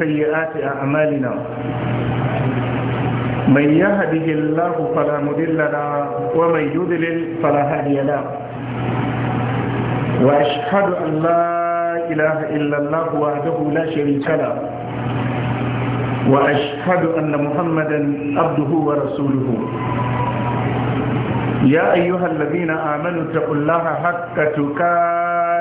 سيئات أعمالنا من يهده الله فلا مضل له ومن يضلل فلا هادي له وأشهد أن لا إله إلا الله وحده لا شريك له وأشهد أن محمدا عبده ورسوله يا أيها الذين آمنوا اتقوا الله حق تكاد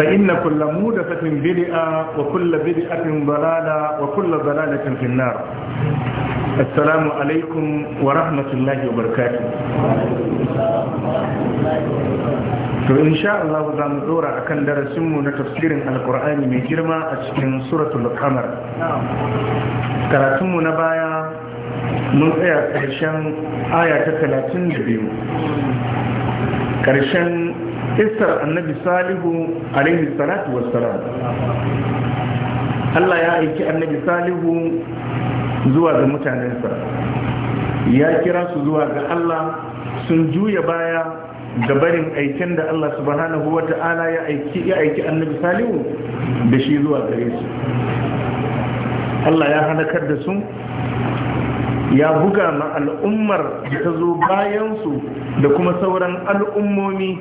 فإن كل مودفة بدئة وكل بدئة ضلالة وكل ضلالة في النار السلام عليكم ورحمة الله وبركاته فإن شاء الله ذا دورة أكن درسمنا تفسير القرآن من جرمى أشكين سورة الحمر تراتم نبايا من آية آية 32 كرشان kissar annabi salihu alaihi salatu wassalam Allah ya aiki annabi salihu zuwa ga mutanensa ya kira su zuwa ga Allah sun juya baya ga barin aikin da Allah subhanahu wa ta'ala ya aiki ya aiki annabi salihu da shi zuwa gare su Allah ya halakar da su ya buga ma al'ummar da ta zo bayansu da kuma sauran al'ummomi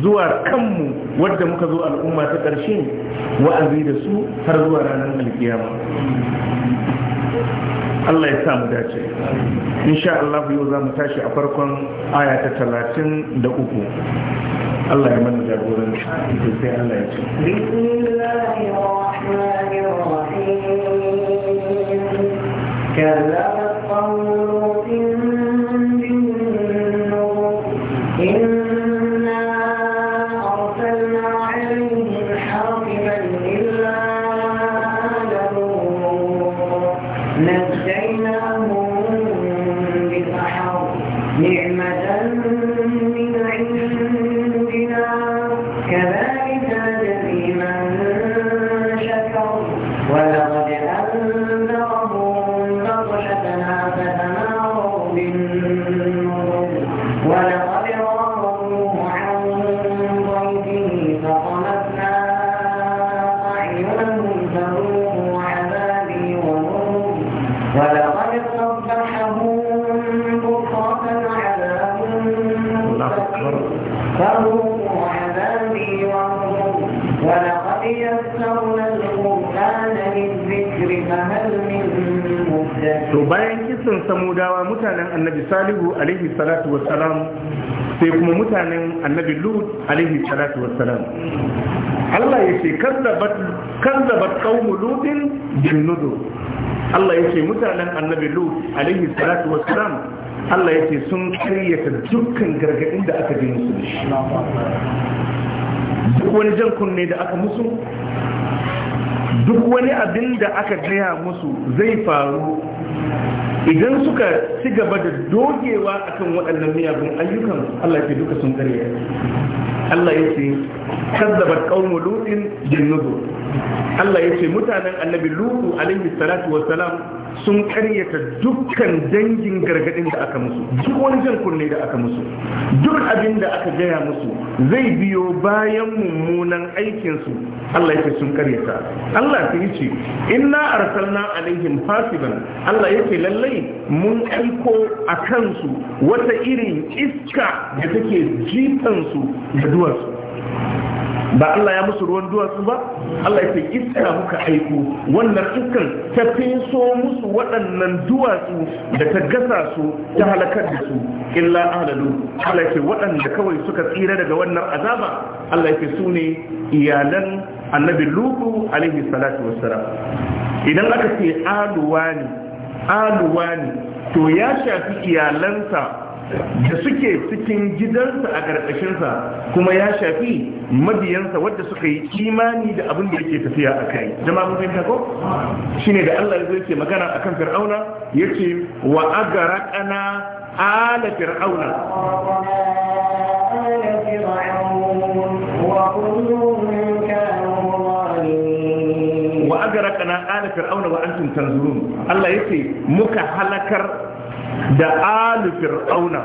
zuwa kanmu wadda muka zo al'umma ta ƙarshe wa'azi da su har zuwa ranar alkiyama Allah ya samu dace insha Allah yau za mu tashi a farkon aya ta talatin da uku Allah ya mana jagoranci sai Allah ya ce Bismillahirrahmanirrahim annabi salihu alaihi salatu wassalam sai kuma mutanen annabi lut alaihi salatu wassalam Allah ya ce kazzabat qaumu lutin bin nudur Allah ya ce mutanen annabi lut alaihi salatu wassalam Allah ya ce sun karyata dukkan gargadin da aka ji musu duk wani jan kunne da aka musu duk wani abin da aka gaya musu zai faru idan suka ci gaba da dogewa akan waɗannan miyagun ayyukan Allah ke duka sun karya Allah ya ce kazzabar ƙaunar lutsin bin Allah ya ce mutanen annabi lutu alaihi salatu wasalam sun karyata dukkan dangin gargadin da aka musu duk wani jan kunne da aka musu duk abin da aka gaya musu zai biyo bayan mummunan aikinsu Allah yake sun karyata Allah ta ce inna arsalna alaihim fasiban Allah yake lallai mun aiko a kansu wata irin iska da take jitansu da duwarsu ba Allah ya musu ruwan duwatsu ba Allah ya iska muka aiko wannan iskan ta fiso musu waɗannan duwatsu da ta gasa su ta halakar da su illa ahlalu Allah ya waɗanda kawai suka tsira daga wannan azaba Allah ya ce su ne iyalan annabi lutu alaihi salatu wassalam idan aka ce aluwani aluwani to ya shafi iyalansa da suke cikin gidansa a ƙarƙashinsa kuma ya shafi mabiyansa wadda suka yi imani da abin da yake tafiya a kai jama'a mun fahimta ko shine da Allah ya ce magana akan fir'auna yace wa agaraqana ala fir'auna wa agaraqana ala fir'auna wa antum tanzurun Allah yace muka halakar da alu fir'auna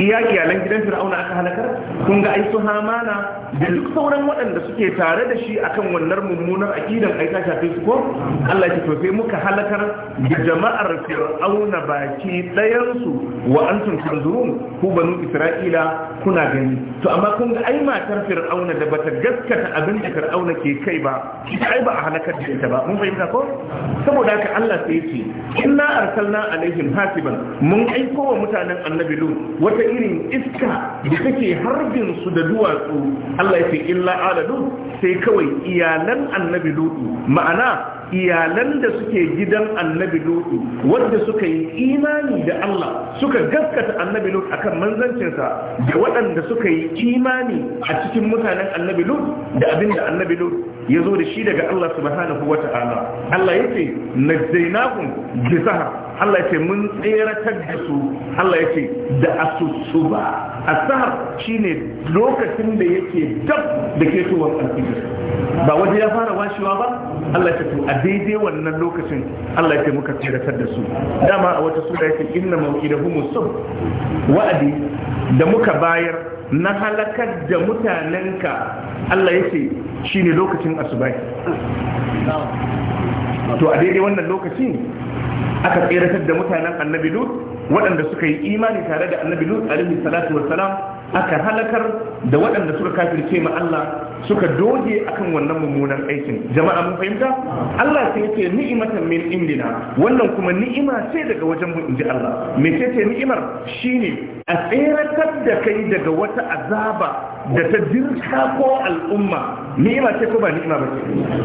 iya kiyalan gidan fir'auna aka halakar kun ga ai hamana da duk sauran waɗanda suke tare da shi akan wannan mummunar aqidan ai ta shafe su ko Allah ya to muka halakar da jama'ar fir'auna baki ɗayan su wa antum tanzurun ku banu isra'ila kuna gani to amma kun ga ai matar fir'auna da bata gaskata abin da fir'auna ke kai ba ai ba a halakar da ita ba mun fahimta ko saboda haka Allah sai ya ce inna arsalna alaihim hasiban mun aiko wa mutanen annabi lu wata irin iska da take harbi nufin su da duwatsu Allah ya ce illa aladun sai kawai iyalan annabi lutu ma'ana iyalan da suke gidan annabi lutu wanda suka yi imani da Allah suka gaskata annabi lutu akan manzancinsa da waɗanda suka yi imani a cikin mutanen annabi lutu da abin da annabi lutu ya zo da shi daga Allah subhanahu wa ta'ala Allah ya ce najjaynahum bi sahar Allah ya ce mun tseratar da su Allah ya ce da asusuba asahar shine lokacin da yake dab da ketowar alfijir ba waje ya fara washewa ba Allah ya ce to a daidai wannan lokacin Allah ya ce muka tseratar da su dama a wata sura yake inna mawqidahum sub wa'adi da muka bayar na halakar da mutanenka Allah ya ce shine lokacin asubai to a daidai wannan lokacin aka tseratar da mutanen annabi lut waɗanda suka yi imani tare da annabi lut alaihi salatu wa salam aka halakar da waɗanda suka kafirce ma Allah suka doge akan wannan mummunan aikin jama'a mun fahimta Allah sai yake ni'imatan min indina wannan kuma ni'ima ce daga wajen mu inji Allah me ce ce ni'imar shine a tseratar da kai daga wata azaba da ta dirka ko al'umma ni'ima ce ko ba ni'ima ba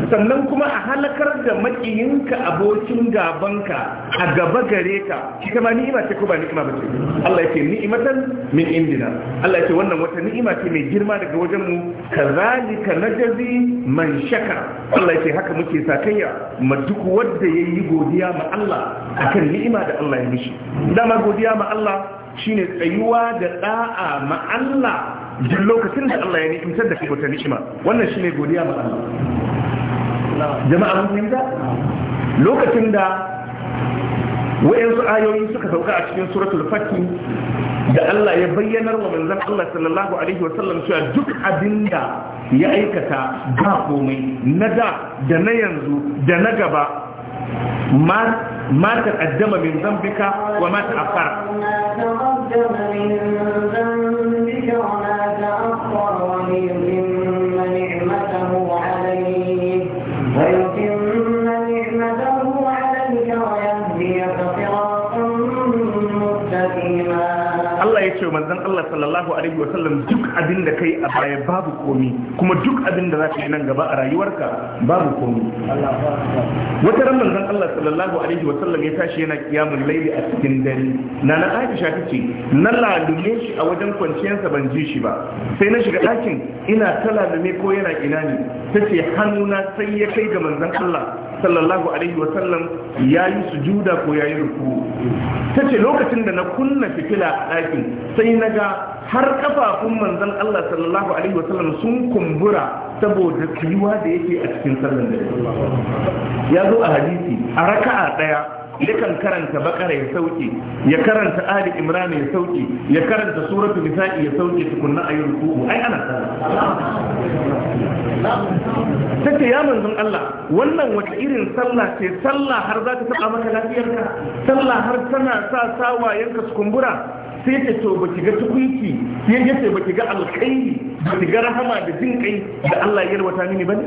ce sannan kuma a halakar da makiyinka abokin gabanka a gaba gare ka shi kama ni'ima ce ko ba ni'ima ba ce Allah ya ce ni'imatan min indina Allah ya ce wannan wata ni'ima ce mai girma daga wajen mu kazalika najazi man shaka. Allah ya ce haka muke sakayya ma duk wanda yayi godiya ma Allah akan ni'ima da Allah ya mishi dama godiya ma Allah shine tsayuwa da da'a ma Allah duk lokacin da Allah ya ni'imtar da kai ni'ima wannan shine godiya ma Allah jama'a mun fahimta lokacin da wayansu ayoyi suka sauka a cikin suratul fatih da Allah ya bayyanar wa manzon Allah sallallahu alaihi wa sallam cewa duk abinda ya aikata ba komai na da da na yanzu da na gaba ما ما تقدم من ذنبك وما تأخر ما تقدم من ذنبك وما تأخر ce manzon Allah sallallahu alaihi wa sallam duk abin da kai a baya babu komi kuma duk abin da zaka yi nan gaba a rayuwarka babu komi wata ran manzon Allah sallallahu alaihi wa sallam ya tashi yana kiyamul laili a cikin dare nana Aisha tace na lalume shi a wajen kwanciyarsa ban ji shi ba sai na shiga ɗakin ina ta lalume ko yana ina ne tace hannuna sai ya kai ga manzon Allah sallallahu alaihi wa sallam ya yi sujuda ko ya yi ruku ta ce lokacin da na kunna fitila a ɗakin sai na ga har ƙafafun manzan Allah sallallahu alaihi wasallam sun kumbura saboda tsayuwa da yake a cikin sallan da ya zo a hadisi a raka'a ɗaya yakan karanta bakara ya sauke ya karanta ali imran ya sauke ya karanta suratul nisa'i ya sauke tukunna ayyul kubu ai ana sana take ya manzon Allah wannan wata irin sallah ce sallah har za ta saba maka lafiyarka sallah har tana sa sawayenka su kumbura sai ta to ba ki ga tukunki sai ya ce ba ki ga alkhairi ba ki ga rahama da jin kai da Allah ya rubuta mini bane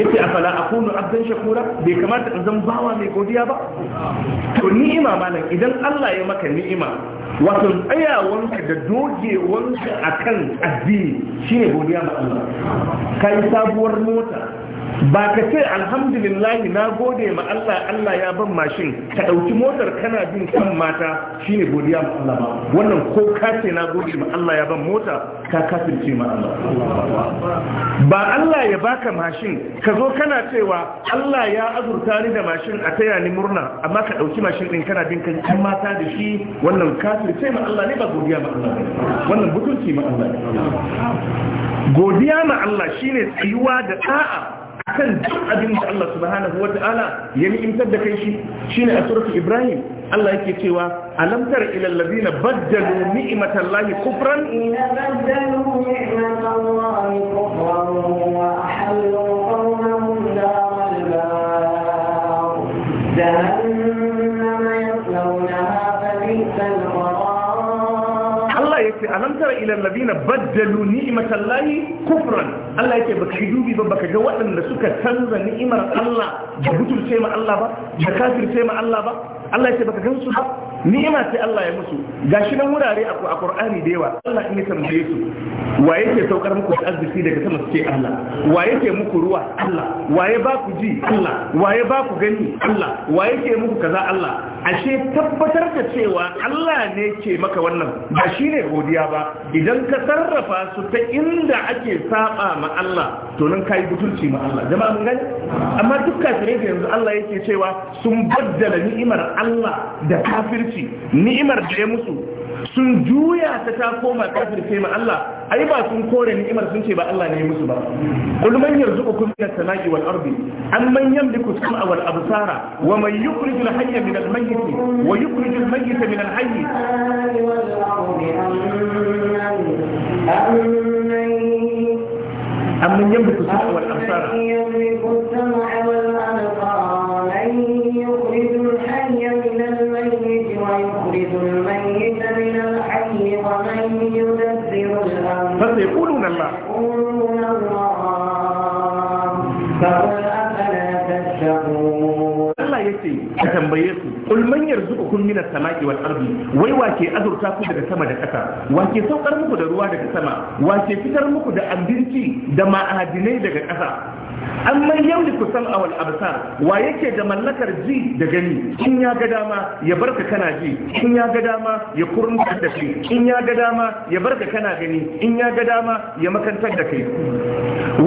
yace afala akunu abdan shakura bai kamata in zan bawa mai godiya ba to ni'ima malam idan Allah ya maka ni'ima wato tsayawanka da dogewanka akan addini shine godiya ma Allah kai sabuwar mota ba ka ce alhamdulillahi na gode ma Allah Allah ya ban mashin ka ɗauki motar kana bin kan mata shine godiya ma Allah ba wannan ko ka ce na gode ma Allah ya ban mota ka kafirce ma Allah ba Allah ya baka mashin ka zo kana cewa Allah ya azurta ni da mashin a taya ni murna amma ka ɗauki mashin ɗin kana bin kan kan mata da shi wannan kafirce ma Allah ne ba godiya ma Allah wannan butulci ma Allah godiya ma Allah shine tsayuwa da ta'a akan duk abin da Allah subhanahu wata'ala ya ni'imtar da kai shi shine a suratu Ibrahim Allah yake cewa alam tara ila ladina badda ni'matallahi kufran ni'matallahi kufran wa ahallu ila allazina baddalu ni'matallahi kufran Allah yake baka yi dubi ba baka ga waɗanda suka canza ni'imar Allah da butulce ma Allah ba da kafirce ma Allah ba Allah ya ce baka su ba ni'ima sai Allah ya musu gashi nan wurare a Qur'ani da yawa Allah in ya tambaye su wa yake saukar muku arziki daga sama su Allah wa yake muku ruwa Allah wa ya ba ku ji Allah wa ya ba ku gani Allah wa yake muku kaza Allah ashe tabbatar da cewa Allah ne ke maka wannan ba shine godiya ba idan ka sarrafa su ta inda ake saba ma Allah to nan kai butulci ma Allah jama'a mun gani amma duk kafirai yanzu Allah yake cewa sun baddala ni'imar Allah da kafirci ni'imar da ya musu sun juya ta ta koma kafirce ma Allah ai ba sun kore ni'imar sun ce ba Allah ne ya musu ba kullu man yarzuqukum min as-sama'i wal ardi amman yamliku as-sam'a wal absara wa man yukhrij al-hayya min al-mayyit wa yukhrij al-mayyit min al-hayy amman yamliku as-sam'a wal absara فسيقولون الله Allah ya tambaye su kul man yarzuqukum min as-sama'i wal ardi wai wake azurta ku daga sama da ƙasa wake saukar muku da ruwa daga sama wake fitar muku da abinci da ma'adinai daga ƙasa amma yamliku sam'a awal absar wa yake da mallakar ji da gani in ya ga dama ya barka kana ji in ya ga dama ya kurunta da kai in ya ga dama ya barka kana gani in ya ga dama ya makantar da kai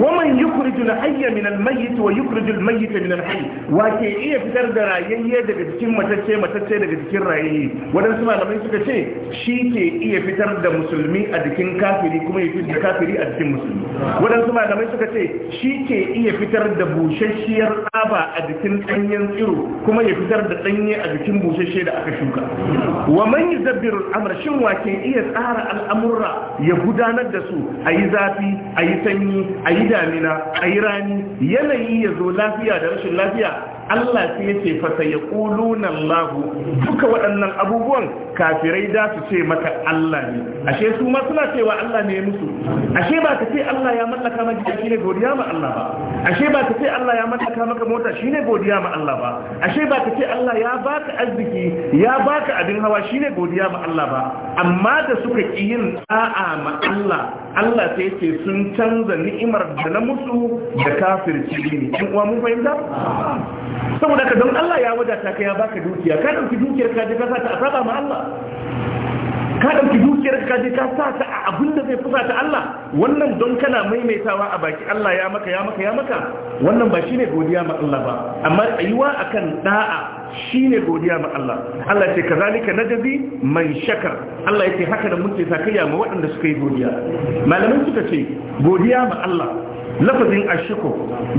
wa man yukhriju al hayya min al mayyit wa yukhriju al mayyit min al wa ke iya fitar da rayayye daga cikin matacce matacce daga cikin rayayye wadansu malamai suka ce shi ke iya fitar da musulmi a jikin kafiri kuma ya fitar kafiri a musulmi malamai suka ce shi ke iya fitar da busasshiyar tsaba a jikin ɗanyen tsiro kuma ya fitar da ɗanye a jikin busasshe da aka shuka wa man yudabbiru al shin wa ke iya tsara al'amurra ya gudanar da su ayi zafi ayi sanyi ayi damina ayi rani yanayi ya zo lafiya da rashin lafiya Allah sai yace fa sayquluna Allah duka waɗannan abubuwan kafirai da su ce maka Allah ne ashe su ma suna cewa Allah ne musu ashe ba ka ce Allah ya mallaka maka gida shine godiya ma Allah ba ashe ba ka ce Allah ya mallaka maka mota shine godiya ma Allah ba ashe ba ka ce Allah ya baka arziki ya baka abin hawa shine godiya ma Allah ba amma da suka ki yin da'a ma Allah Allah sai yace sun canza ni'imar da na musu da kafirci ne in uwa mun fahimta saboda ka don Allah ya wadata ka ya baka dukiya ka dauki dukiyar ka je ka sata a saba ma Allah ka dauki dukiyar ka je ka sata a abin da zai fusa ta Allah wannan don kana maimaitawa a baki Allah ya maka ya maka ya maka wannan ba shine godiya ma Allah ba amma ayuwa akan da'a shine godiya ma Allah Allah ce kazalika najzi man shakar Allah yake haka da muke sakayya ma waɗanda suka yi godiya Malamin suka ce godiya ma Allah lafazin ashiko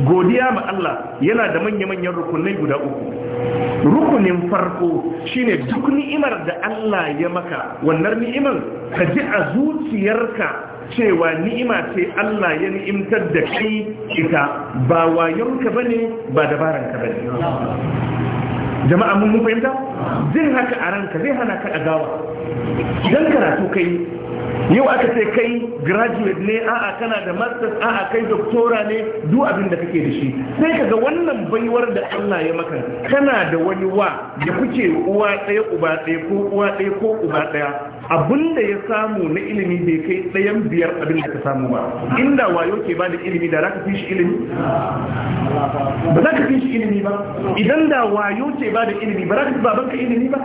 godiya ma Allah yana da manya-manyan rukunai guda uku rukunin farko shine duk ni'imar da Allah ya maka wannan ni'imar ka ji a zuciyarka cewa ni'ima ce Allah ya ni'imtar da kai ita ba wayonka bane ba dabaranka bane jama'a mun fahimta zai haka a ranka zai hana ka gawa idan karatu kai yau aka ce kai graduate ne a'a kana da masters a'a kai doctora ne duk abin da kake da shi sai kaga wannan baiwar da Allah ya maka kana da wani wa ya kuke uwa ɗaya uba ɗaya ko uwa ɗaya ko uba ɗaya abin da ya samu na ilimi bai kai ɗayan biyar abin da ka samu ba inda wayo ke ba da ilimi da za ka fi shi ilimi ba za ka fi shi ilimi ba idan da wayo ke ba da ilimi ba za ka fi babanka ilimi ba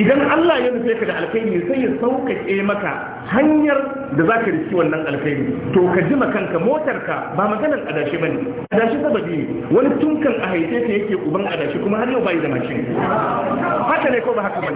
idan Allah ya nufe ka da alkhairi sai ya sauƙaƙe maka hanyar da za ka riski wannan alkhairi to ka ji kanka motarka ba maganar adashi ba ne adashi sababi ne wani tunkan a haife ta yake uban adashi kuma har yau bai da mashin haka ne ko ba haka ba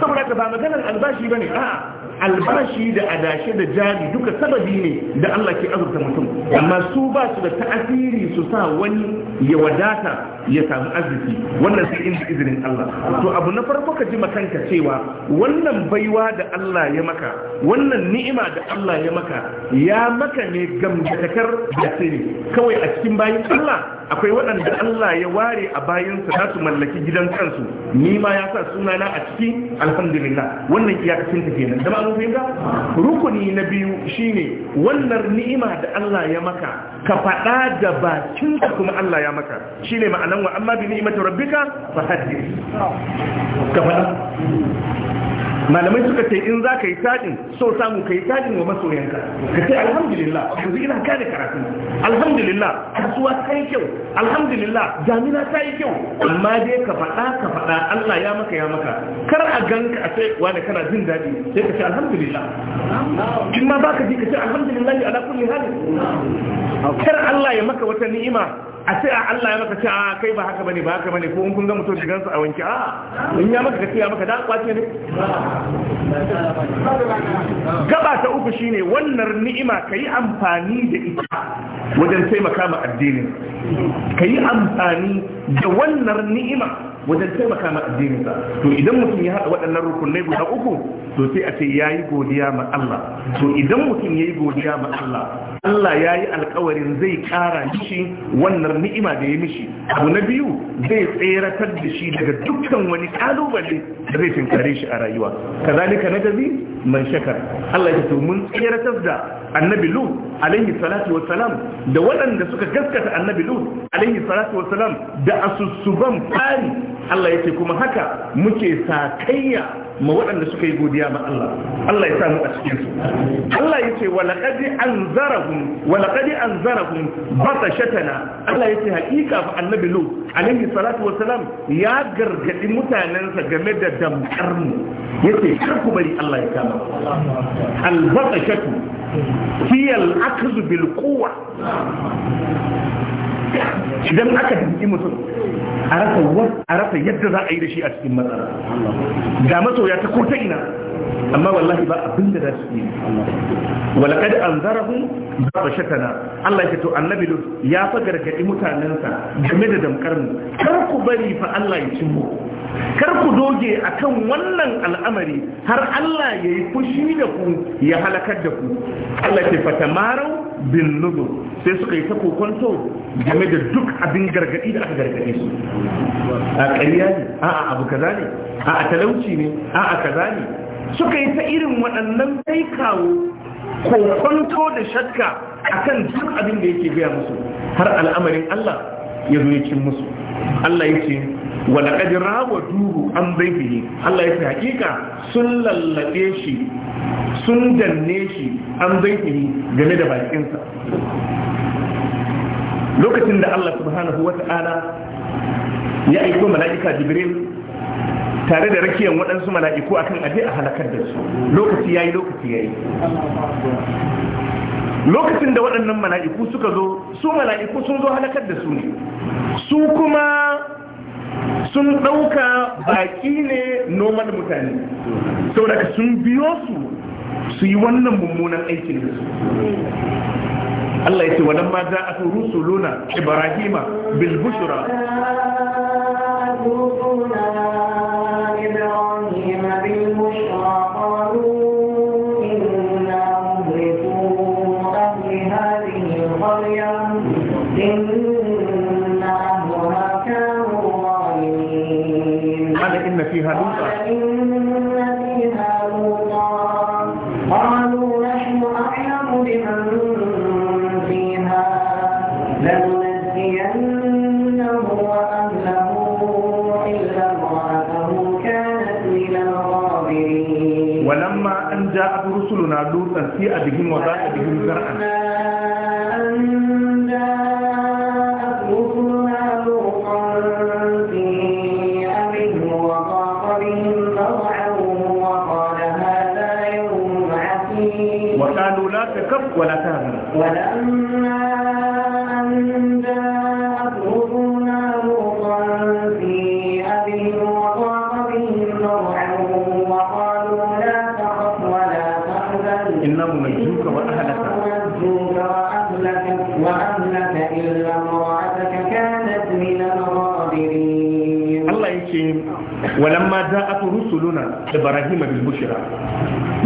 saboda ka ba maganar albashi ba ne a'a albashi da adashi da jari duka sababi ne da Allah ke azurta mutum amma su ba su da ta'asiri su sa wani ya wadata ya samu arziki wannan sai inda izinin Allah to abu na farko ka ji makanka cewa wannan baiwa da Allah ya maka wannan ni'ima da Allah ya maka ya maka ne gamgatakar da sai kawai a cikin bayin Allah akwai waɗanda Allah ya ware a bayansa za su mallaki gidan kansu ni ma ya sa sunana a ciki alhamdulillah wannan iyakacin ta kenan rukuni na biyu shine wannan ni'ima da Allah ya maka ka faɗa da bakinka kuma Allah ya maka shine ma'anan wa amma bi ni'imati rabbika fa hadith ka malamai suka ce in za ka yi tajin so samu ka yi tajin wa masoyanka ka ce alhamdulillah yanzu ina gane karatu alhamdulillah kasuwa ta yi kyau alhamdulillah jamina ta yi kyau amma dai ka faɗa ka faɗa Allah ya maka ya maka kar a ganka a sai wani kana jin daɗi sai ka ce alhamdulillah kin ma baka ji ka ce alhamdulillah ala kulli hali kar Allah ya maka wata ni'ima a ce a Allah ya maka ce a kai ba haka bane ba haka bane ko in kun ga mutum shigansa a wanke a in ya maka ka ce ya maka da kwace ne gaba ta uku shine wannan ni'ima ka yi amfani da ita wajen taimaka ma addinin ka yi amfani da wannan ni'ima wajen taimaka ma addininsa to idan mutum ya haɗa waɗannan rukunai guda uku to sai a ce ya yi godiya ma Allah to idan mutum ya yi godiya ma Allah Allah ya yi alkawarin zai ƙara mishi wannan ni'ima da ya mishi abu na biyu zai tseratar da shi daga dukkan wani ƙalubale da zai tinkare shi a rayuwa kazalika na gazi man shakar Allah ya ce mun tseratar da annabi lut alaihi salatu wa salam da waɗanda suka gaskata annabi lut alaihi salatu wa salam da asussuban fari Allah yake kuma haka muke sakayya ma waɗanda suka yi godiya ma Allah Allah ya samu a cikin su Allah yace walaqad anzarahum walaqad anzarahum batashatana Allah yace haƙiƙa fa annabi lut alaihi salatu wa salam ya gargadi mutanensa game da damkar mu yace kar ku bari Allah ya kama albaqashatu Fiyal aka zubil idan aka dinki mutum a rasa yadda za a yi da shi a cikin matsala ga masoya ta ko ina amma wallahi ba abin da za su yi walakad an zarafin ba ba shatana Allah ya to annabi ya fa gargaɗi mutanensa game da damkar mu kar ku bari fa Allah ya cin mu kar ku doge akan wannan al'amari har Allah ya yi fushi da ku ya halakar da ku Allah ke marau bin nubu sai suka yi ta kokonto game da duk abin gargadi da aka gargade su a ƙarya ne a abu kaza ne a talauci ne a kaza ne suka yi ta irin waɗannan kai kawo kokonto da shakka akan duk abin da yake gaya musu har al'amarin Allah ya zo ya cin musu Allah ya ce wala kad duru an dhayfihi Allah ya ce hakika sun lallabe shi sun danne shi an dhayfihi game da bakinsa lokacin da Allah subhanahu wata'ala ya aiko mala'ika Jibril tare da rakiyan waɗansu mala'iku akan aje a halakar da su lokaci yayi lokaci yayi lokacin da waɗannan mala'iku suka zo su mala'iku sun zo halakar da su ne su kuma sun ɗauka baƙi ne noman mutane daga sun biyo su su yi wannan mummunan aikin da su Allah ya ce wa ma za a luna Ibrahima bil Ibrahima فيها لوطا قالوا نحن أعلم بمن فيها وأهله إلا كانت من الغابرين ولما أن جاءت رسلنا لوطا سيئة بهم وباء بهم زرعا ولا rusuluna ibrahim bil bushra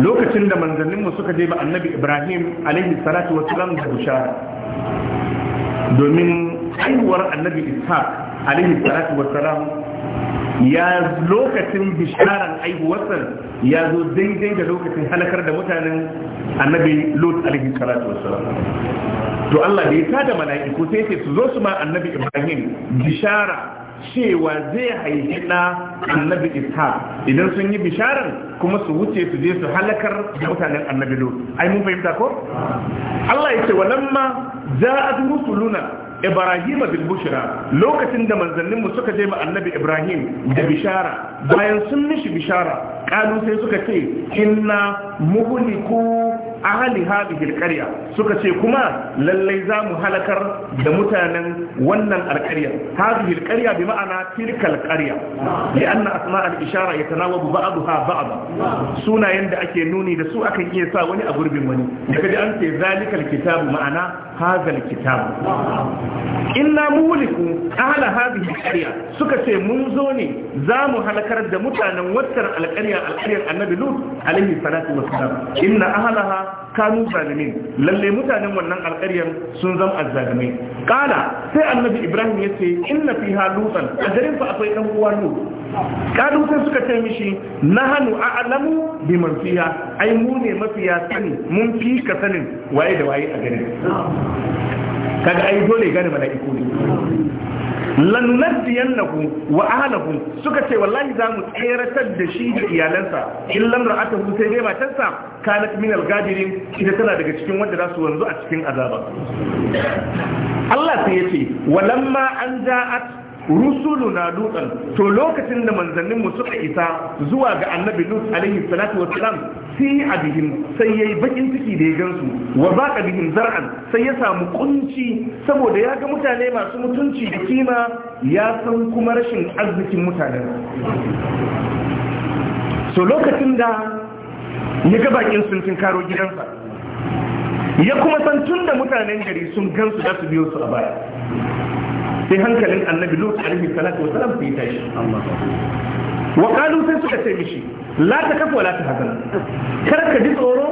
lokacin da manzanninmu suka je ba annabi ibrahim alaihi salatu da bushara domin haihuwar annabi Ishak alaihi salatu wassalam ya lokacin bisharar aihuwarsa ya zo daidai da lokacin halakar da mutanen annabi lot alaihi salatu to Allah da ya tada mala'iku sai ce su zo su ma annabi Ibrahim bishara cewa zai haifi ɗa annabi ishaq idan sun yi bisharar kuma su wuce su je su halakar da mutanen annabi lut ai mun fahimta ko Allah ya ce walamma ja'at rusuluna Ibrahim bin Bushra lokacin da mu suka je ma annabi Ibrahim da bishara bayan sun mishi bishara kalu sai suka ce inna muhliku ahli hadhihi alqarya suka ce kuma lallai za mu halakar da mutanen wannan alqarya hadhihi alqarya bi ma'ana tilka alqarya li anna asma' al-ishara yatanawabu ba'daha ba'da sunayen da ake nuni da su akan iya sa wani a gurbin wani daga da an ce zalikal kitabu ma'ana hazal kitabu inna muliku ahla hadhihi alqarya suka ce mun zo ne za mu halakar da mutanen wannan alqarya alqaryar annabi lut alaihi salatu wassalam inna ahlaha kanu zalimin lalle mutanen wannan alƙaryar sun zama azzalimai kala sai annabi ibrahim ya ce inna fi halutan a garin fa akwai dan uwa nu kadu sai suka ce mishi nahanu a'lamu bi man fiha ai mu ne mafiya sani mun fi ka sanin waye da waye a garin kaga ai dole gane mala'iku ne lanunaddiyannahu wa ahlahu suka ce wallahi za mu tseratar da shi da iyalansa illan ra'atahu sai dai matarsa kanat min al-gadirin ita tana daga cikin wanda za su wanzu a cikin azaba Allah sai yace walamma an ja'at rusulu na dutsen to lokacin da manzannin mu suka isa zuwa ga annabi lut alaihi salatu wassalam sai a bihin sai yayi bakin ciki da ya gansu wa baqa bihin zar'an sai ya samu kunci saboda ya ga mutane masu mutunci da kima ya san kuma rashin arzikin mutanen so lokacin da ya ga bakin sun karo gidansa ya kuma san tun da mutanen gari sun gansu da su biyo su a baya sai hankalin annabi lut alaihi salatu wa salam sai tashi wa qalu sai suka ce mishi la ta wa la kar ka ji tsoro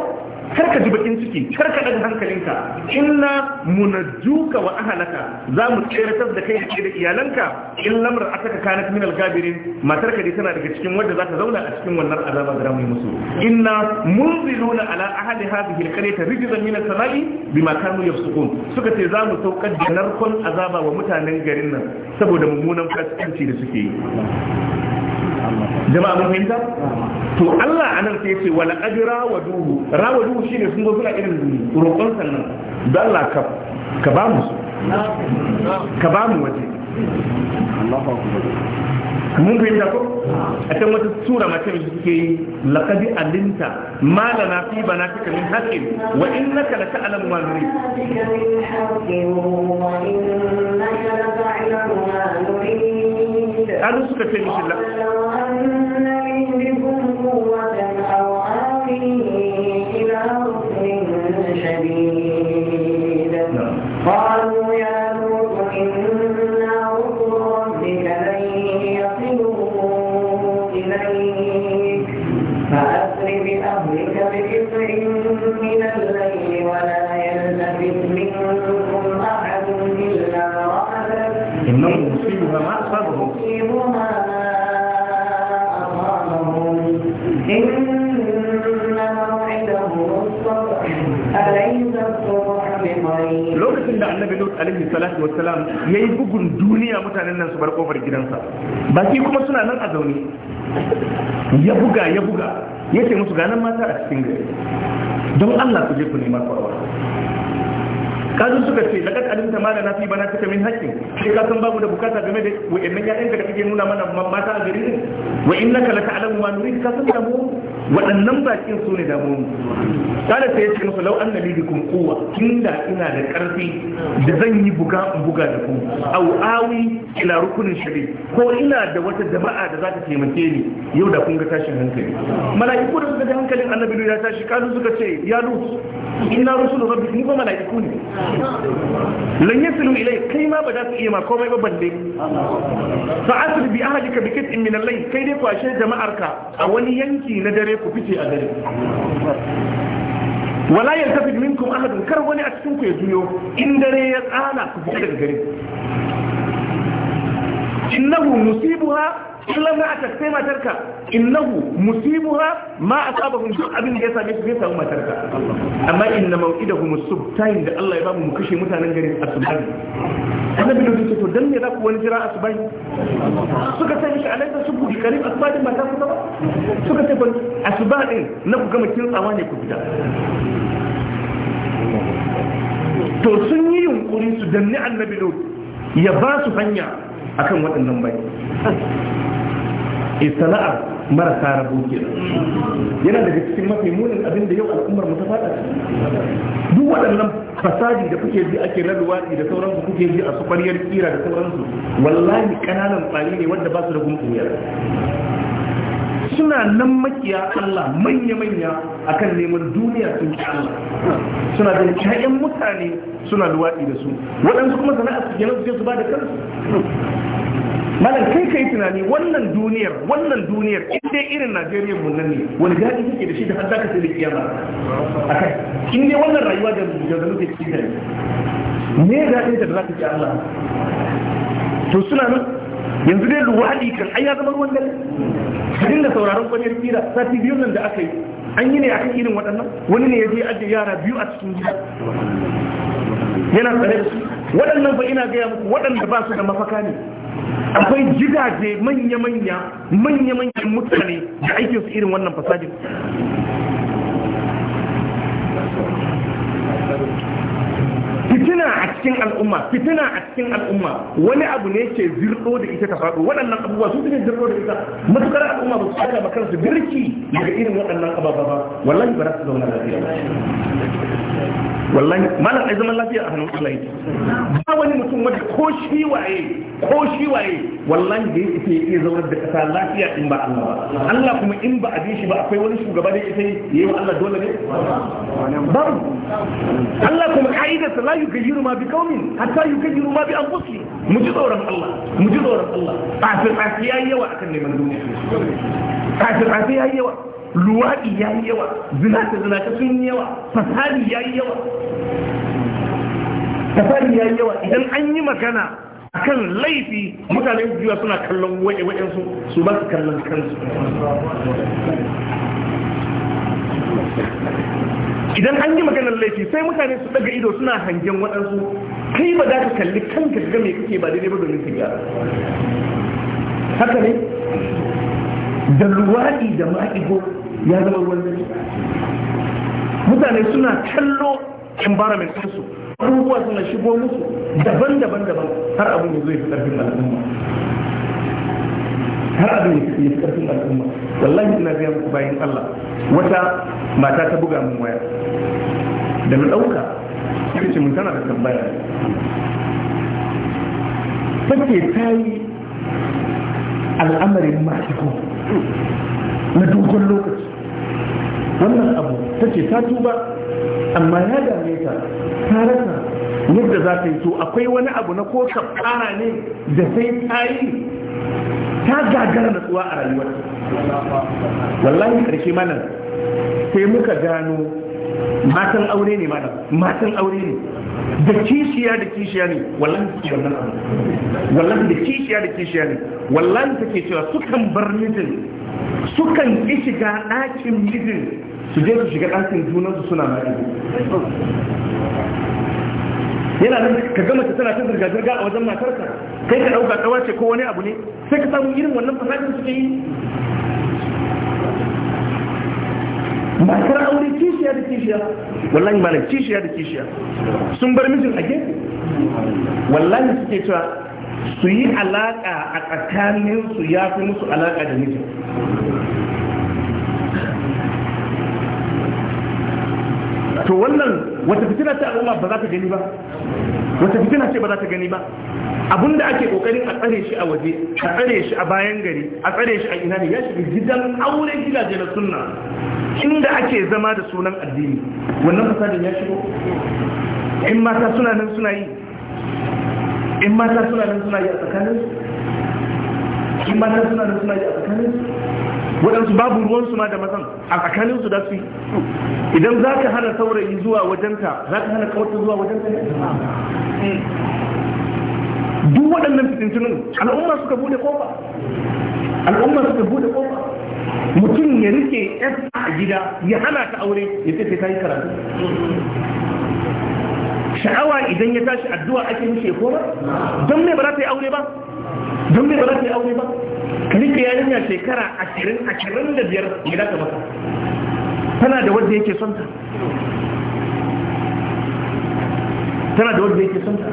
kar ka ji bakin ciki kar ka daga hankalinka inna munajjuka wa ahlaka za mu tseratar da kai da iyalanka in lamar ataka kanat min al-gabirin matar dai tana daga cikin wanda za ta zauna a cikin wannan azaba da ramu musu inna munziluna ala ahli hadhihi al-qaryati rijzan min as-sama'i bima kanu yafsukun suka ce za mu saukar da narkon azaba wa mutanen garin nan saboda mummunan fasikanci da suke yi jama'a mun fahimta to Allah anan sai yace wala ajra wa duhu rawa duhu shine sun zo suna irin roƙon sannan dan Allah ka ka ba mu ka ba mu waje mun fahimta ko a can wata sura mace mai suke yi laqad alinta ma lana fi banatika min haqqin wa innaka la ta'lamu ma nurid wa innaka la ma nurid قالوا suka ce mishi la قالوا daud alaihi salatu wassalam yayi bugun duniya mutanen nan su bar kofar gidansa baki kuma suna nan a zaune ya buga ya buga yace musu ga nan mata a cikin gari don Allah ku je ku nema ku aure kazu suka ce lakat alim ma na fi bana kake min hakki sai ka san babu da bukata game da wa'annan ya'yan da kake nuna mana mata a gari wa innaka la ta'lamu ma nurid ka san da mu waɗannan bakin su ne damuwa kada sai ya ce musu lau annabi bikum quwwa inda ina da ƙarfi da zan yi buga buga da ku au awi ila rukunin shari ko ina da wata jama'a da za ta taimake ni yau da kun ga tashin hankali mala'iku da suka ji hankalin annabi ya tashi kalu suka ce ya lut inna rusulu rabbik ni ba mala'iku ne lan yasilu ilai kai ma ba za su iya ma komai ba balle fa asri bi ahlika bi kit'in min al-layl kai dai kwashe jama'arka a wani yanki na dare ku fice a dare wala yaltafit minkum ahadun kar wani a cikin ku ya juyo in dare ya tsana ku fita daga gari innahu musibuha illa ma a tasai matarka innahu musibuha ma asabahum duk abin da ya same su zai samu matarka amma inna mau'idahum as-subh tayin da Allah ya bamu mu kashe mutanen garin asubani annabi da yake to dan me za ku wani jira asubani suka sani mishi alaika subhu bi qarib asubani ma ta kusa suka sai ban asubani na ku gama kin tsawa ne ku fita to sun yi yunkuri su danni annabi ya ba su hanya akan waɗannan bai e sana'a marasa rabu ke yana daga cikin mafi munin abin da yau al'ummar mu ta fada duk waɗannan fasadi da kuke ji ake na luwaɗi da sauransu kuke ji a su ƙwaryar kira da sauransu wallahi ƙananan tsari ne wanda ba su da gumɓuyar suna nan makiya Allah manya-manya a kan neman duniya sun ci Allah suna da ƴaƴan mutane suna luwaɗi da su waɗansu kuma sana'a su ke su su ba da kansu malam kai kai tunani wannan duniyar wannan duniyar in dai irin Najeriya mun nan ne wani gadi kake da shi da har zaka sai da kiyama akai in dai wannan rayuwa da da muke ciki da me ne gadi da zaka ci Allah to suna nan yanzu dai luwadi kan ai ya zama ruwan dare ka dinga sauraron kwanyar fira sati biyu nan da aka yi an yi ne akan irin waɗannan wani ne ya je ajiye yara biyu a cikin gida yana tsare da su waɗannan ba ina gaya muku waɗanda ba su da mafaka ne akwai gidaje manya-manya manya-manyan mutane da su irin wannan fasajin fitina a cikin al'umma fitina a cikin al'umma wani abu ne ke zirɗo da ita ta faɗo waɗannan abubuwa su ne zirɗo da ita matukar al'umma ba su tsaya ba kansu birki daga irin waɗannan ababa ba wallahi ba za su zauna lafiya wallahi malam ai zaman lafiya a hannun Allah yake ba wani mutum wanda ko shi waye ko shi waye wallahi da yake yake zaunar da kasa lafiya in ba Allah ba Allah kuma in ba a bi shi ba akwai wani shugaba da yake yayi wa Allah dole ne babu Allah kuma kaida sa la yukayyiru ma bi qaumin hatta yukayyiru ma bi anfusihim mu ji tsoron Allah mu ji tsoron Allah tsafi tsafi yayi yawa akan neman duniya tsafi tsafi yayi yawa luwaɗi ya yi yawa zinata zinata sun yi yawa fasari ya yi yawa ya yi yawa idan an yi magana kan laifi mutanen jiwa suna kallon waje waɗansu su ba su kallon kansu idan an yi maganar laifi sai mutane su daga ido suna hangen waɗansu kai ba za ka kalli kan ga me kake ba daidai ba domin ka gyara haka ne da luwaɗi da ma'igo ya zama ruwan dare mutane suna kallo environment su abubuwa suna shigo musu daban-daban daban har abin ya zo ya fi karfin al'umma har abin ya fi karfin al'umma wallahi ina gaya muku bayan Allah wata mata ta buga min waya da na ɗauka sai ce mun tana da tambaya take ta yi al'amarin masu na dogon lokaci wannan abu ta ce ta tuba amma ya dame ta ta rasa yadda za ta yi to akwai wani abu na ko kara ne da sai ta yi ta gagara natsuwa a rayuwar wallahi karshe mana sai muka gano matan aure ne mana matan aure ne da kishiya da kishiya ne wallahi take wannan abu wallahi da kishiya da kishiya ne wallahi take cewa sukan bar mijin sukan ki shiga ɗakin mijin su je su shiga ɗakin junansu suna maɗi yana nan ka gama ta tana ta zirga-zirga a wajen matarsa kai ka ɗauka ɗawa ce ko wani abu ne sai ka samu irin wannan fasadin suke yi matar aure kishiya da kishiya wallahi malam kishiya da kishiya sun bar mijin a gefe wallahi suke cewa su yi alaƙa a tsakaninsu ya fi musu alaƙa da mijin to wannan wata fitina ce al'umma ba za ta gani ba wata fitina ce ba za ta gani ba abinda ake kokarin a tsare shi a waje a tsare shi a bayan gari a tsare shi a ina ne ya shiga gidan aure gidaje na sunna inda ake zama da sunan addini wannan fasadin ya shigo in mata suna nan suna yi in mata suna nan suna yi a su in mata suna nan suna yi a tsakaninsu waɗansu babu ruwansu ma da mazan a tsakaninsu da su idan za ka hana saurayi zuwa wajenta, za ka hana kawarta zuwa wajenta duk waɗannan fitintunan al'umma suka bude kofa al'umma suka bude kofa mutum ya rike yan a gida ya hana ta aure ya ce ta yi karatu sha'awa idan ya tashi addu'a ake mishi ya koma don me ba za ta yi aure ba don ne ba za ta yi aure ba ka rike yarinya shekara ashirin ashirin da biyar mai za ta tana da wadda yake son ta tana da wanda yake son ta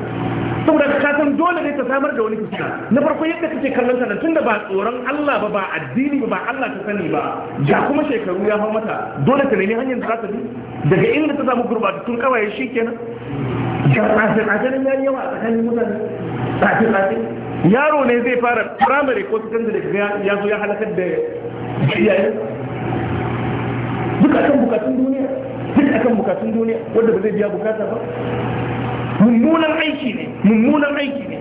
saboda ka san dole ne ta samar da wani fuska na farko yadda kake kallon ta tun tunda ba tsoron Allah ba ba addini ba ba Allah ta sani ba ga kuma shekaru ya hau mata dole ta nemi hanyar da za ta bi daga inda ta samu gurbatattun shi kenan. ga tsafe tsafe nan yayi yawa a tsakanin mutane tsafe tsafe yaro ne zai fara primary ko secondary da ya zo ya halakar da iyaye duk akan bukatun duniya duk akan bukatun duniya wanda ba zai biya bukata ba mummunan aiki ne mummunan aiki ne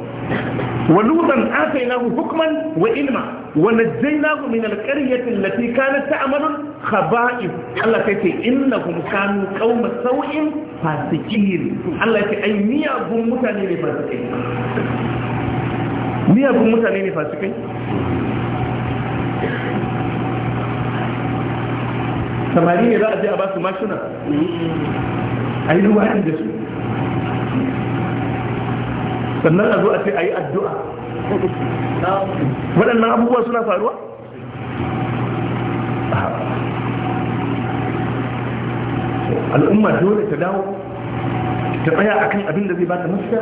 ولوطا آتيناه حكما وعلما ونجيناه من القرية التي كانت تعمل خبائث الله تكي إنهم كانوا قوم سوء فاسقين الله تكي أي مية متانين فاسقين miyagun mutane ne fasikai samari ne za a je a basu su mashina a yi ruwanin da su sannan a zo a ce a yi addu'a waɗannan abubuwa suna faruwa? al'umma dole ta dawo ta tsaya akan abin da zai ba ta mafita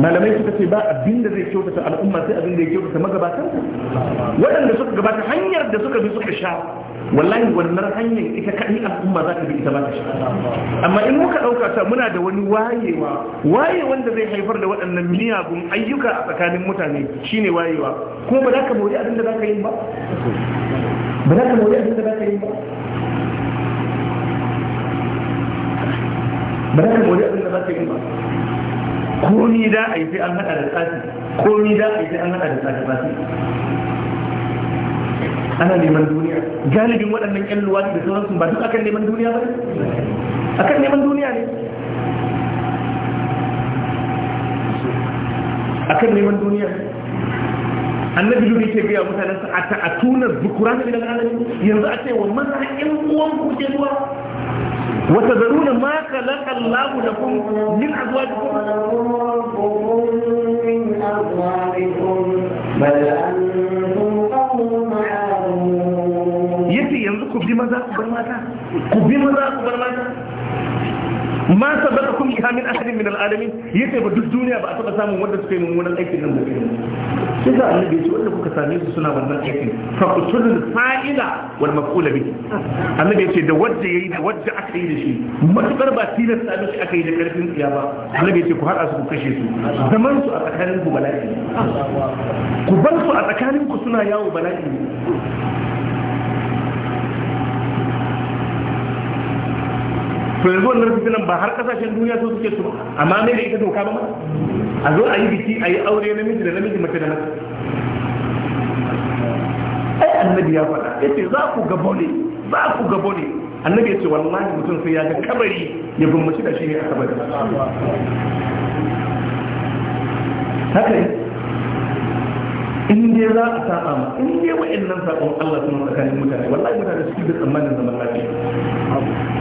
malamai suka ce ba abin da zai kyautata al'umma sai abin da ya kyautata magabatan waɗanda suka gabata hanyar da suka bi suka sha wallahi wannan hanyar ita kaɗai al'umma za ta bi ita ba ta sha amma in muka ɗauka ta muna da wani wayewa waye wanda zai haifar da waɗannan miyagun ayyuka a tsakanin mutane shine wayewa kuma ba za ka mori abin da za ka yi ba ba za ka mori abin da za ka yi ba ba za ka mori abin da za ka yi ba komi da a yi sai an hada da tsafi komi da a yi sai an hada da tsafi tsafi ana neman duniya galibin waɗannan ƴan luwaɗi da sauransu ba duk akan neman duniya ba akan neman duniya ne akan neman duniya annabi duni ke biya mutanen sa a tunar bukura ne daga alamin yanzu a ce wa mazan ƴan uwan kuke ke zuwa وتذرون ما خلق الله لكم من أزواجكم بل أنتم قوم عادون يتي ينظر كبدي ماذا كبر ماذا كبدي ماذا كبر ماذا ma sabaka kun biha min ahadin min al-alamin yace ba duk duniya ba a taba samun wanda suke mun wannan aikin nan gobe. sai da annabi ya ce wanda kuka same su suna wannan aikin fa qutulul fa'ila wal maf'ul bihi annabi ya ce da wanda yayi da wanda aka yi da shi matukar ba tilasta da shi aka yi da karfin tsiya ba annabi ya ce ku haɗa su ku kashe su zaman su a tsakanin ku bala'i ku bar su a tsakanin ku suna yawo bala'i to yanzu wannan nan ba har kasashen duniya su suke su amma me da ita doka ba a zo a yi biki a yi aure na miji da namiji mace da mace ai annabi ya faɗa ya ce za ku gabo ne za ku gabo ne annabi ya ce wallahi mutum sai ya ga kabari ya gummaci da shi ne a kabari haka yi in dai za a saba ma in dai wa'annan sabon Allah sun tsakanin mutane wallahi mutane su bi tsammanin zaman lafiya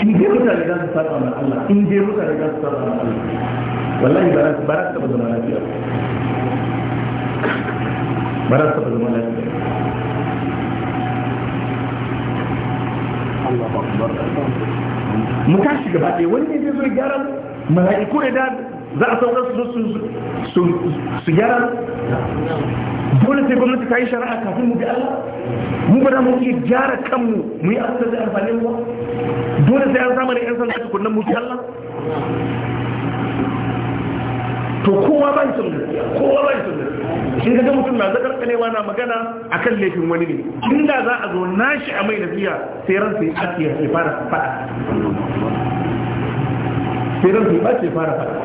in dai mutane za su saba ma Allah in dai mutane za su saba ma Allah wallahi ba za ba za su zama lafiya ba za su taba zama lafiya mu tashi gaba ɗaya wani ne zai gyara mala'iku ne da za a sauka su su gyara dole sai gwamnati ta yi shari'a kafin mu bi Allah mu ba da mu iya gyara kanmu mu yi asali amfanin mu dole sai an da 'yan sanda tukunan mutu Allah to kowa ba shi kowa ba shi ga mutum na zakar kanewa na magana akan laifin wani ne inda za a zo nashi a mai nasiya sai ran sai ake ya fara fada sai ran sai ake fara fada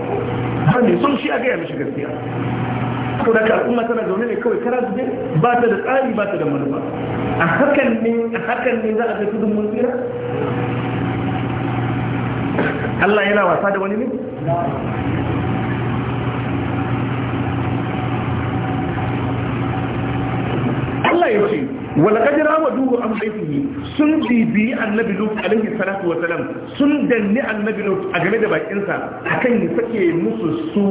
har ne son shi a gaya mishi gaskiya ko da al'umma tana zaune ne kawai kara su ba ta da tsari ba ta da manufa a hakan ne a hakan ne za a ga tudun mun tsira Allah yana wasa da wani ne Allah ya ce walaqad rawadu an baytihi sun bibi annabi lut alaihi salatu wa salam sun danni annabi lut a game da bakinsa akan ya sake musu su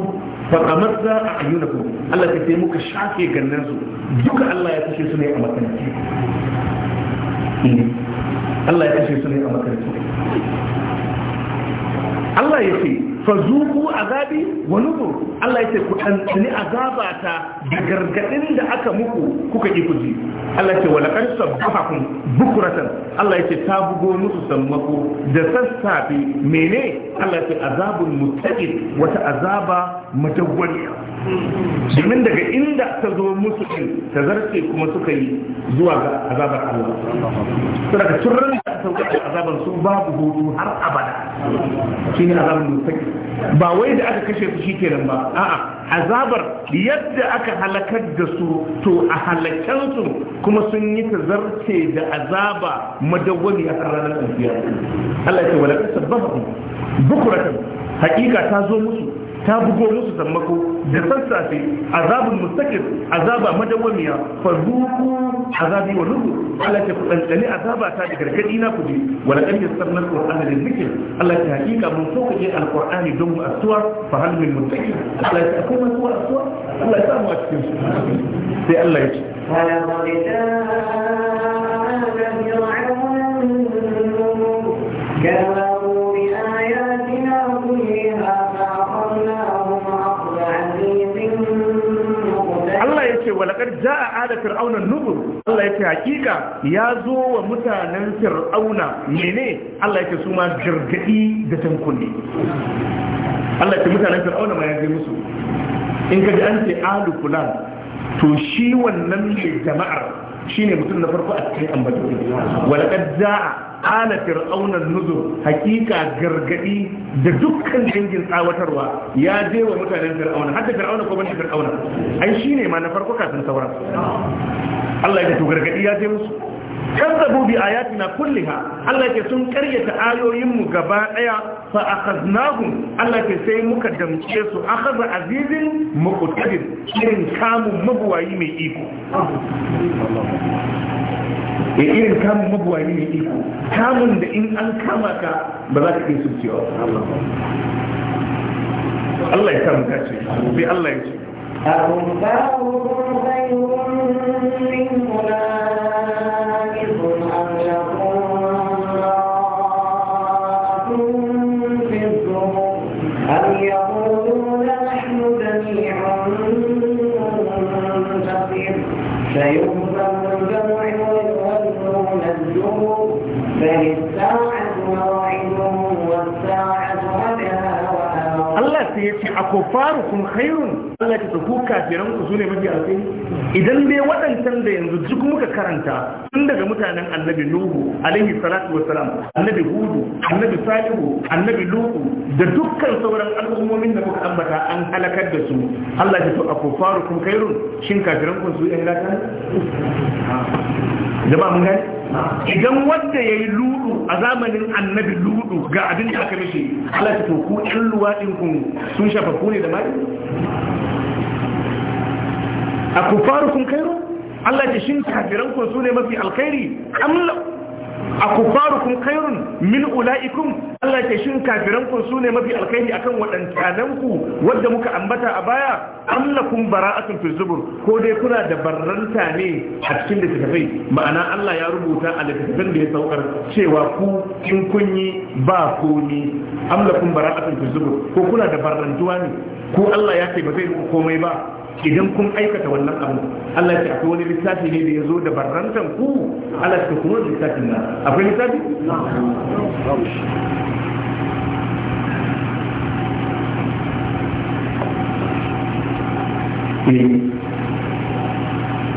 fa za a ayyunakum Allah ya ce muka shafe gannan su duka Allah ya kashe su ne a makaranta hmm. Allah ya kashe su ne a makaranta Allah ya ce fa zuku azabi wa nuzur Allah ya ce ku tantani azabata da gargadin da aka muku kuka ki kuji Allah ya ce wa laqad sabbahakum bukratan Allah ya ce ta bugo musu sammako da sassafe mene Allah ya ce azabul muttaqin wata azaba madawwaliya domin daga inda ta zo musu ɗin ta zarce kuma suka yi zuwa ga azabar Allah suna ka turran da ta wuce azabar su babu hutu har abada shi ne azabar mutaki ba wai da aka kashe su shikenan ba a'a azabar yadda aka halakar da su to a halakan su kuma sun yi ta zarce da azaba madawwami a ranar alfiya Allah ya ce ba kasabbahu bukuratan hakika ta zo musu ta bugo musu sammako da sassafe azabun mustaqim azaba madawamiya fa zuku azabi wa nuzu Allah ta kudankani azaba ta da gargadi na kuje wala kan yasarna alqur'ana lil zikr Allah ta hakika mun so kaje alqur'ani don mu asuwa fa hal min muttaqin Allah ta kuma mu asuwa Allah ta mu a cikin sai Allah ya ce كما a ala fir'auna nubur Allah yake hakika ya zo wa mutanen fir'auna mene Allah yake su ma gargadi da tankuni Allah yake mutanen fir'auna ma ya musu in ka ji an ce alu fulan to shi wannan jama'ar shine mutum na farko a cikin ambato walaqad jaa ala fir'auna nuzur hakika gargadi da dukkan dangin tsawatarwa ya je wa mutanen fir'auna hadda fir'auna ko banda fir'auna ai shine ma na farko kafin sauran Allah ya to gargadi ya je musu kazzabu bi ayatina kulliha Allah ke sun karyata ayoyin mu gaba daya fa akhaznahum Allah ke sai muka damce su akhadha azizin muqtadir irin kamun mabuwayi mai iko ya eh, irin kamun mabuwayi mai iko kamun da in an kama ka ba za ka iya subciwa Allah ya samu kace sai Allah ya ce أرباب خير من أولئك akufarukum khairun Allah ta ku kafiran ku sune mafi alkhairi idan dai waɗancan da yanzu duk muka karanta tun daga mutanen annabi nuhu alaihi salatu wassalam annabi hudu annabi salihu annabi lutu da dukkan sauran al'ummomin da kuka ambata an halakar da su Allah ta to akufarukum khairun shin kafiran ku su yan lata jama'a mun gani idan wanda ya yi ludu a zamanin annabi ludu ga abin da aka mishi Allah ta ɗin sun shafa ne da mai a kufaru kun kairo Allah ta shin kafiran ku su mafi alkhairi akufarukum khairun min ulaikum Allah ke shin kafiran ku sune mafi alkhairi akan wadannan ku wanda muka ambata a baya am lakum bara'atun fi zubur ko dai kuna da barranta ne a cikin littattafai ma'ana Allah ya rubuta a littattafan da ya saukar cewa ku kin kun yi ba komi am lakum bara'atun fi zubur ko kuna da barrantuwa ne ko Allah ya ce ba zai komai ba idan kun aikata wannan abu Allah ya ce akwai wani littafi ne da ya zo da barrantan ku Allah ya kuma littafin na akwai littafi eh.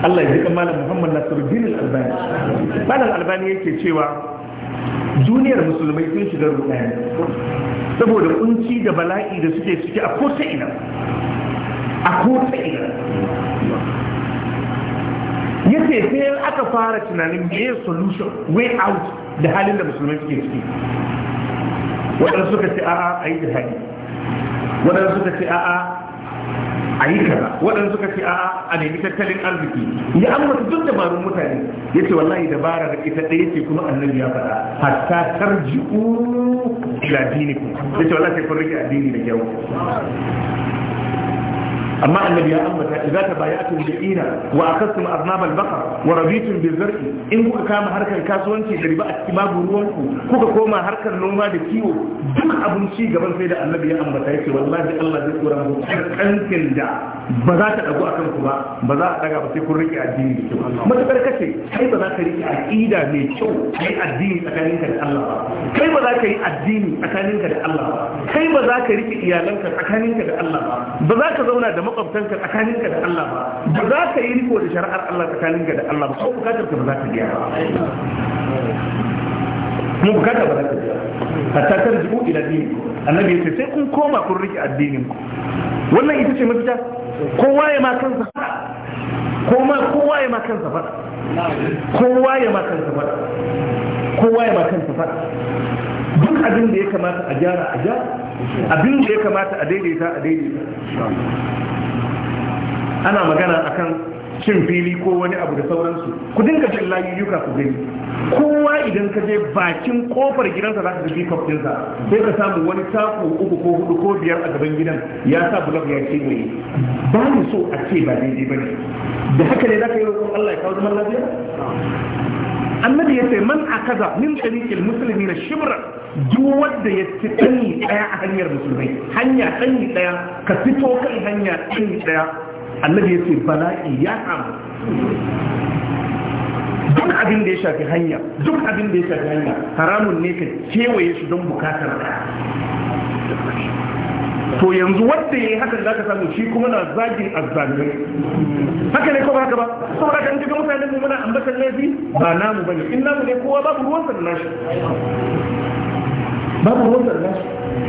Allah ya ji kan malam Muhammad Nasiruddin Al-Albani malam Albani yake cewa duniyar musulmai sun shiga rudani saboda kunci da bala'i da suke ciki a ko ta a kotsa ina ya ce sai aka fara tunanin me solution way out da halin da musulmai suke ciki waɗansu suka ce a'a a yi jihadi waɗansu suka ce a'a a yi kaza waɗanda suka ce a'a a nemi tattalin arziki ya ambata duk dabarun mutane ya ce wallahi dabara da ita ɗaya ce kuma annabi ya faɗa hatta tarji'u ila dini ku. ya ce wallahi sai kun rike addini da kyau amma annabi ya ambata idza tabaya'tum Ina, wa akhadtum arnab al-baqar wa rabitum bizar'i in kuka kama harkar kasuwanci da riba a cikin maguruwan ku kuka koma harkar noma da kiwo duk abun ci gaban sai da annabi ya ambata yake wallahi Allah zai tsora muku kankin da ba za ta dago akan ku ba ba za a daga ba sai kun rike addini da kyau matakar kace kai ba za ka rike aqida mai kyau kai addini tsakaninka da Allah ba kai ba za ka yi addini tsakaninka da Allah ba kai ba za ka rike iyalanka tsakaninka da Allah ba ba za ka zauna da makwabtanka tsakaninka da Allah ba ba za ka yi riko da shari'ar Allah tsakaninka da Allah ba ko bukatar ka ba za ka biya ba mu bukatar ba za ka biya hatta kan jibu ila dini annabi yace sai kun koma kun rike addinin ku wannan ita ce mafita kowa ya ma kansa kuma kowa ya ma kansa fada kowa ya ma kansa fada kowa ya ma kansa fada duk abin da ya kamata a gyara a gyara abin da ya kamata a daidaita a daidaita ana magana akan cin fili ko wani abu da sauransu ku dinga cin layuyyuka ku gani kowa idan ka je bakin kofar gidansa za ka ji kofinsa sai ka samu wani taku uku ko hudu ko biyar a gaban gidan ya sa bulab ya ce mai ba mu so a ce ba daidai ba ne. da haka ne za ka yi roƙon Allah ya kawo zaman lafiya annabi ya ce man akaza min tariqil na shibra duk wanda ya ci dani daya a hanyar musulmai hanya dani daya ka fito kan hanya dani daya annabi ya ce bala'i ya samu duk abin da ya shafi hanya duk abin da ya shafi hanya haramun ne ka kewaye shi don bukatar to yanzu wanda ya yi hakan za ka samu shi kuma na zagin azzalin haka ne ko ba haka ba saboda kan jiga mutane mu muna ambatar laifi ba namu bane in namu ne kowa babu ruwan sa da babu ruwan sa da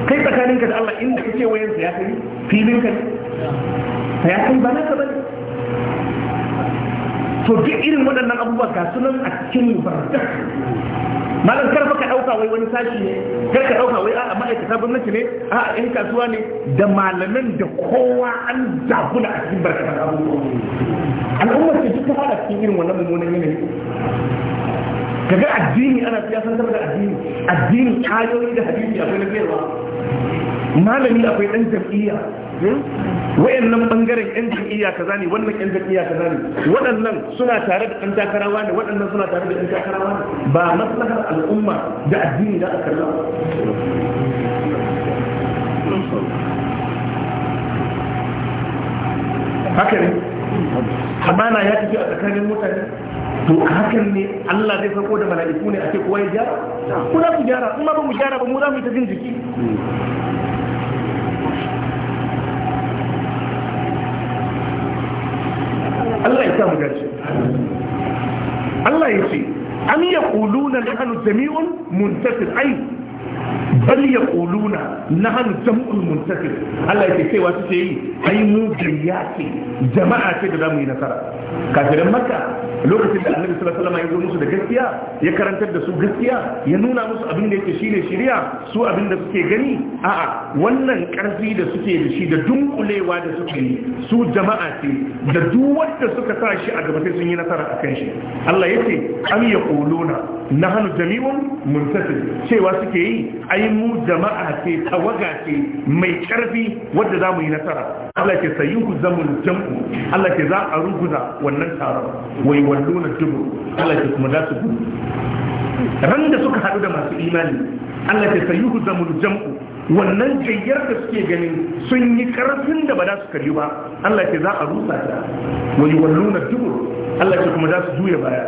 kai tsakaninka da Allah inda kake wayansa ya kai filinka ne ya kai ba ka bane to duk irin waɗannan abubuwa ga sunan a cikin barka malam kar ka ɗauka wai wani sashi ne kar ka ɗauka wai a'a ma'aikata gwamnati ne a'a in kasuwa ne da malaman da kowa an zabuna a cikin da abubuwa al'ummar ce duk ta fada cikin irin wannan mummunan yanayi kaga addini ana siyasar da addini addini kayoyi da hadisi akwai na malami akwai ɗan jam'iyya wayannan bangaren ɗan jam'iyya kaza ne wannan ɗan jam'iyya kaza ne waɗannan suna tare da ɗan takarawa ne waɗannan suna tare da ɗan takarawa ne ba maslahar al'umma da addini da aka kalla haka ne amana ya tafi a tsakanin mutane to hakan ne Allah zai farko da mala'iku ne a ce kowa ya gyara ko ku gyara kuma ba mu gyara ba mu za mu yi ta jin jiki Allah ya samu dace Allah ya ce an yaquluna jami'un muntasir ai bal muntasir Allah ya ce cewa suke yi ai mu gayya ce jama'a ce da zamu yi nasara kafiran maka lokacin da annabi sallallahu alaihi wasallam ya musu da gaskiya ya karantar da su gaskiya ya nuna musu abin da yake shine shiriya su abin da suke gani a'a wannan karfi da suke da shi da dunkulewa da suke yi su jama'a ce da duk wanda suka sa shi a gaba sai sun yi nasara akan shi Allah yace am yaquluna nahnu jami'un muntasir cewa suke yi ai mu jama'a ce tawaga ce mai karfi wanda zamu yi nasara Allah ke sayyuhu zamul jam'u Allah ke za a ruguza wannan taron wai Walluna dubur Allah ke kuma za su gudu ran da suka haɗu da masu imani Allah ke sayuhu zamul jam'u wannan jayyar da suke ganin sun yi karfin da ba za su kalli ba Allah ke za a rusa ta Wani walluna dubur Allah ke kuma za su juya baya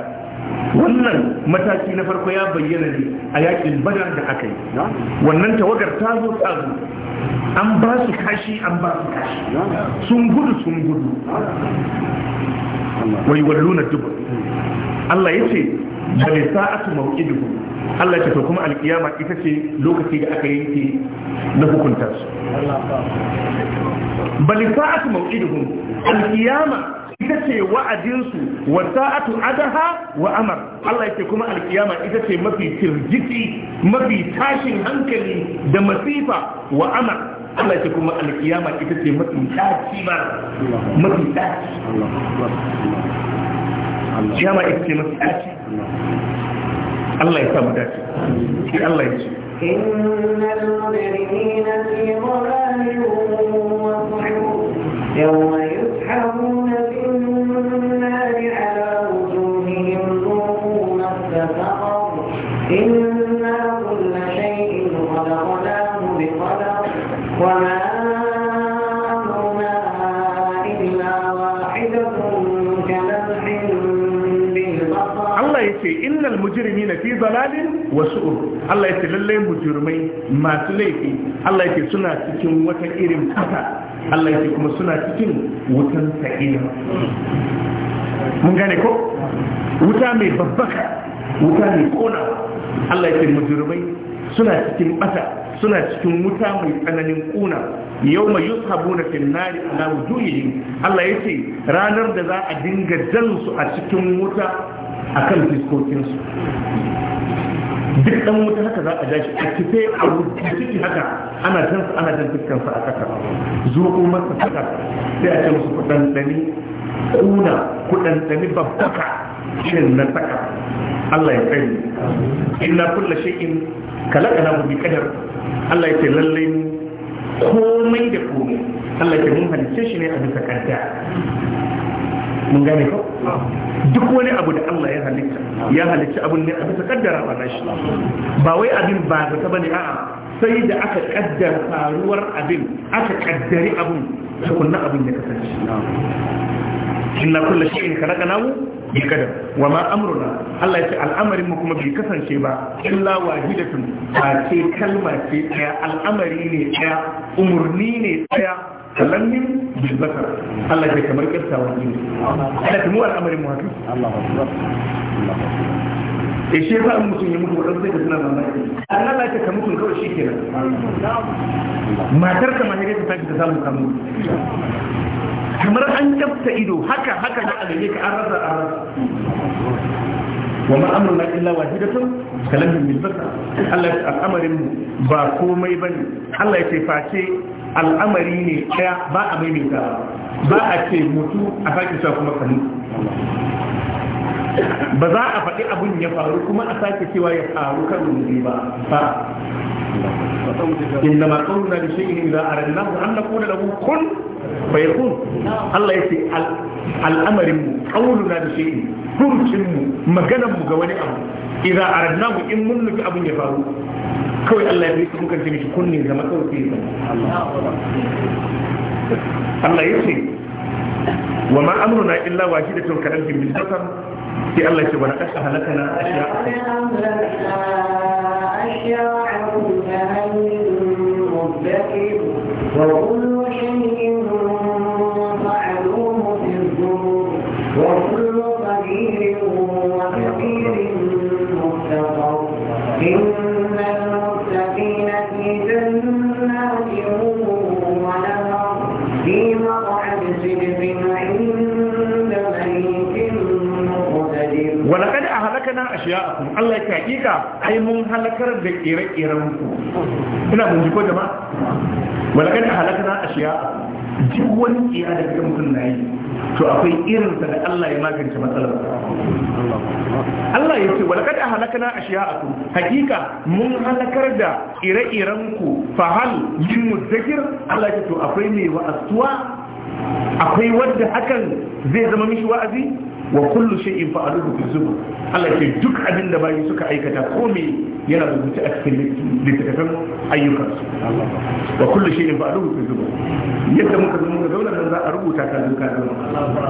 wannan mataki na farko ya bayyana ne a yakin badar da aka yi wannan tawagar ta zo tsazo an ba su kashi an ba su kashi sun gudu sun gudu wai walluna dubu Allah ya ce bal sa'atu mawqiduhum Allah ya ce to kuma alkiyama ita ce lokaci da aka yanke na hukunta su bal sa'atu mawqiduhum alkiyama ita ce wa'adinsu wa sa'atu adaha wa amar Allah ya ce kuma alkiyama ita ce mafi firgiti mafi tashin hankali da masifa wa amar Allah ce kuma alkiyama ita ce mafi tashi ba mafi tashi kiyama ita ce mafi dace Allah ya samu dace sai Allah ya ce إن المجرمين في ضلال وسعور يوم يسحبون في النار على وجوههم ذوقوا مس سقر إنا كل شيء خلقناه بقدر وما mujrimin fi dalalin wa su'ur Allah yake lalle mujrimai masu laifi Allah yake suna cikin wata irin kasa Allah yake kuma suna cikin wutan sa'ira mun gane ko wuta mai babbaka wuta mai kona Allah yake mujrimai suna cikin bata suna cikin wuta mai tsananin kuna yau mai yusabu na finnari ala wujuhihim Allah ce ranar da za a dinga jan su a cikin wuta a kan fiskokinsu duk dan wuta haka za a dashi a kife a ciki haka ana jan ana jan fuskansa a kasa zuku masa saka sai a ce musu kudandani kuna kudandani babbaka shin na saka Allah ya kai inna kullu shay'in mu bi qadar Allah ya ce lalle komai da komai Allah ya mun halice shi ne a bisa kanta mun gane ko duk wani abu da Allah ya halitta ya halitta abun ne a bisa kaddara ba shi ba wai abin ba ta bane a'a sai da aka kaddara faruwar abin aka kaddari abun tukunna abin ya kasance inna kullu shay'in khalaqnahu bi qadar wa ma amruna Allah ya ce al'amarin mu kuma bai kasance ba illa wahidatun ba ce kalma ce ɗaya, al'amari ne ɗaya, umurni ne ɗaya. kalannin bilbasar Allah ke kamar kirtawan jini ana tumu al'amarin mu haka e shi ya in mutum ya mutu wadansu sai ka suna mamaki an ya ka mutu kawai shi kenan matar ka mahaifiyar ta tafi ta samu kamu kamar an kyafta ido haka haka na alaye ka an rasa an Wa wa ma'amurin na illa wahidatun kalamin bilbasa Allah ya al'amarin ba komai bane Allah ya ce face al'amari ne ɗaya ba a maimaita ba a ce mutu a sake cewa kuma kanu ba za a faɗi abin ya faru kuma a sake cewa ya faru kan ne ba ba inna ma qawluna li shay'in idza aradnahu an naqula lahu kun Bai kun. Allah ya ce al'amarin mu qawluna li shay'in furucin mu maganan mu ga wani abu idza aradnahu in mun nufi abin ya faru kawai Allah ya rike mukan mishi kunne zama kawai sai zama Allah ya ce wa ma amruna illa wahidatun kalantin bil basar sai Allah ya ce wa laqad ahlakana ashiya'a ashiya'a ashiya'akum Allah ya hakika ai mun halakar da kire-kiren ku ina mun jiko jama'a walakad halakna ashiya'akum duk wani tsiya da kaga mutum na yi to akwai irin ta da Allah ya magance matsalar Allah ya ce walakad a ashiya'akum hakika mun halakar da kire-kiren ku fa hal min mudzakir Allah ya ce to akwai mai wa'azuwa akwai wanda hakan zai zama mishi wa'azi wa kullu shay'in fa'aluhu fi zubur Allah ke duk abin da bayi suka aikata komai yana rubuce a cikin littattafan ayyukan su wa kullu shay'in fa'aluhu fi zubur yadda muka zo muka zauna nan za a rubuta ka duka zauna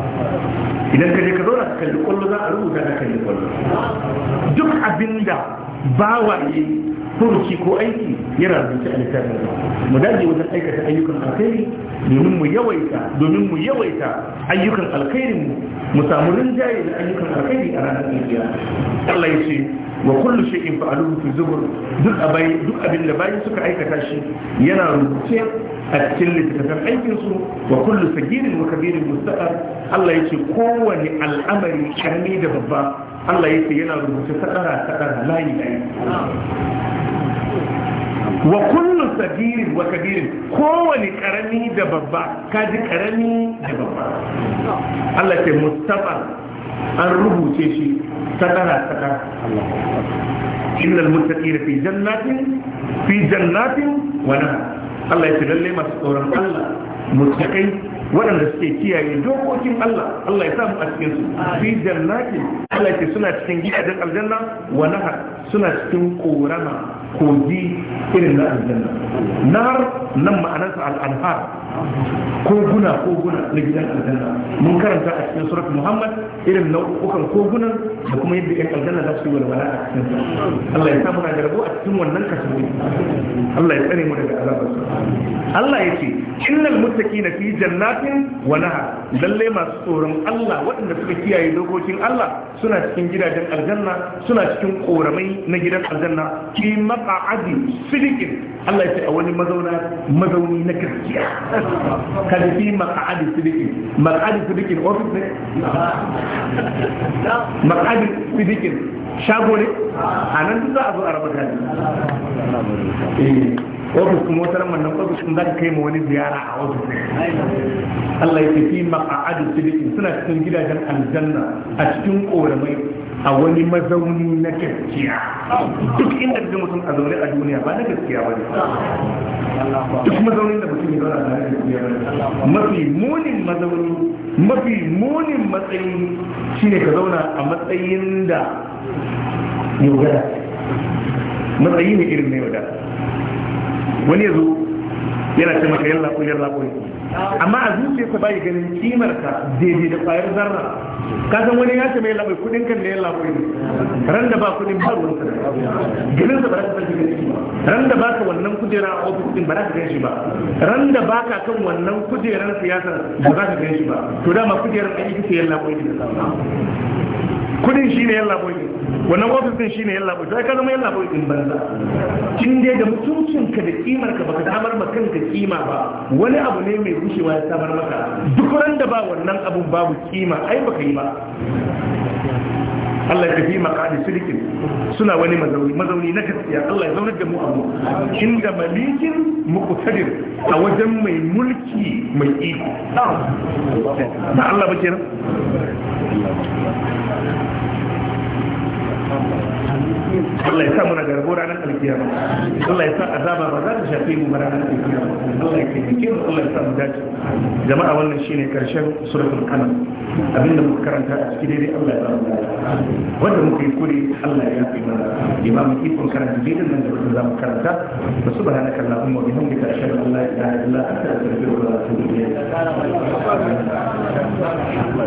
idan ka je ka zauna ka kalli kullu za a rubuta ka kalli kullu duk abin da bawaye furuci ko aiki yana rubuce a littafin mu dage wajen aikata ayyukan alkhairi domin mu yawaita domin mu yawaita ayyukan alkhairin mu mu samu rinjaye da ayyukan alkhairi a ranar aljiya Allah ya ce wa kullu shay'in fa'aluhu fi zubur duk abin da bayan suka aikata shi yana rubuce a cikin littattafan aikinsu wa kullu sagirin wa kabirin mustaqar Allah yace kowani al'amari karni da babba Allah yace yana rubuce sadara sadara layi layi wa kullu sagirin wa kabirin kowani karami da babba kaji karami da babba Allah ce mustaqar an rubuce shi sadara sadara innal muttaqina fi jannatin fi jannatin wa nahar Allah ya lalle masu tsoron Allah mutakai waɗanda suke kiyaye dokokin Allah Allah ya sa mu a cikin su fi jannatin Allah ya ce suna cikin gidajen aljanna wa nahar suna cikin korama kogi irin na aljanna har nan ma'anarsa al'anhar koguna koguna na gidan aljanna mun karanta a cikin surat muhammad irin nau'ukan kogunan da kuma yadda yan aljanna za su yi walwala a cikin Allah ya samu na da a cikin wannan kasuwa Allah ya tsare mu daga azabar Allah ya ce innal muttaqina fi jannatin wa nahar lalle masu tsoron Allah waɗanda suka kiyaye dokokin Allah suna cikin gidajen aljanna suna cikin koramai na gidan aljanna fi maq'adi sidiqin Allah ya ce a wani mazauna mazauni na gaskiya kada fi maq'adi sidiqin maq'adi sidiqin office ne maq'adi sidiqin shago ne a nan duk za a zo a raba gani eh, ofis kuma wata ran wannan kai ma wani ziyara a ofis Allah ya ce fi suna cikin gidajen aljanna a cikin koramai a wani mazauni na gaskiya duk inda da mutum a zaune a duniya ba na gaskiya ba duk mazaunin da mutum ya zauna na gaskiya ba mafi munin mazauni mafi munin matsayi shine ka zauna a matsayin da yaudara matsayi ne irin na yaudara wani yazo yana ce maka yalla ko yalla ko amma a zuciyarsa bai ganin kimarka daidai da kwayar zarra ka san wani ya ce mai labai kudin kan da ya labai ran da ba kudin ba ruwan sa ginin sa ba za ka san shi ran da wannan kujera a ofis din ba za ka gan shi ba ran da ka kan wannan kujeran siyasar ba za ka gan shi ba to dama kujeran aiki ce ya labai ne kudin shi ne yalla wannan ofis din shi ne yalla boy sai ka zama yalla boy din banza kin dai da mutuncin ka da kimar ka baka samar ma kanka kima ba wani abu ne mai rushewa ya samar maka duk ran da ba wannan abun babu kima ai baka yi ba Allah ya tafi maqadi sirkin suna wani mazauni mazauni na gaskiya Allah ya zauna da mu amma inda malikin muqtadir a wajen mai mulki mai iko Na Allah ba kenan Allah ya sa mu garbo ranar alkiyama Allah ya sa azaba ba za ta shafe mu ba ranar alkiyama Allah ya taimake mu Allah ya sa mu dace jama'a wannan shine karshen suratul qalam abinda muka karanta a cikin dai Allah ya ba mu wanda muka yi kuri Allah ya yi mana imam ikon karanta bidin nan da kuma za mu karanta wa subhanaka allahumma wa bihamdika ashhadu an la ilaha illa anta astaghfiruka wa atubu ilayk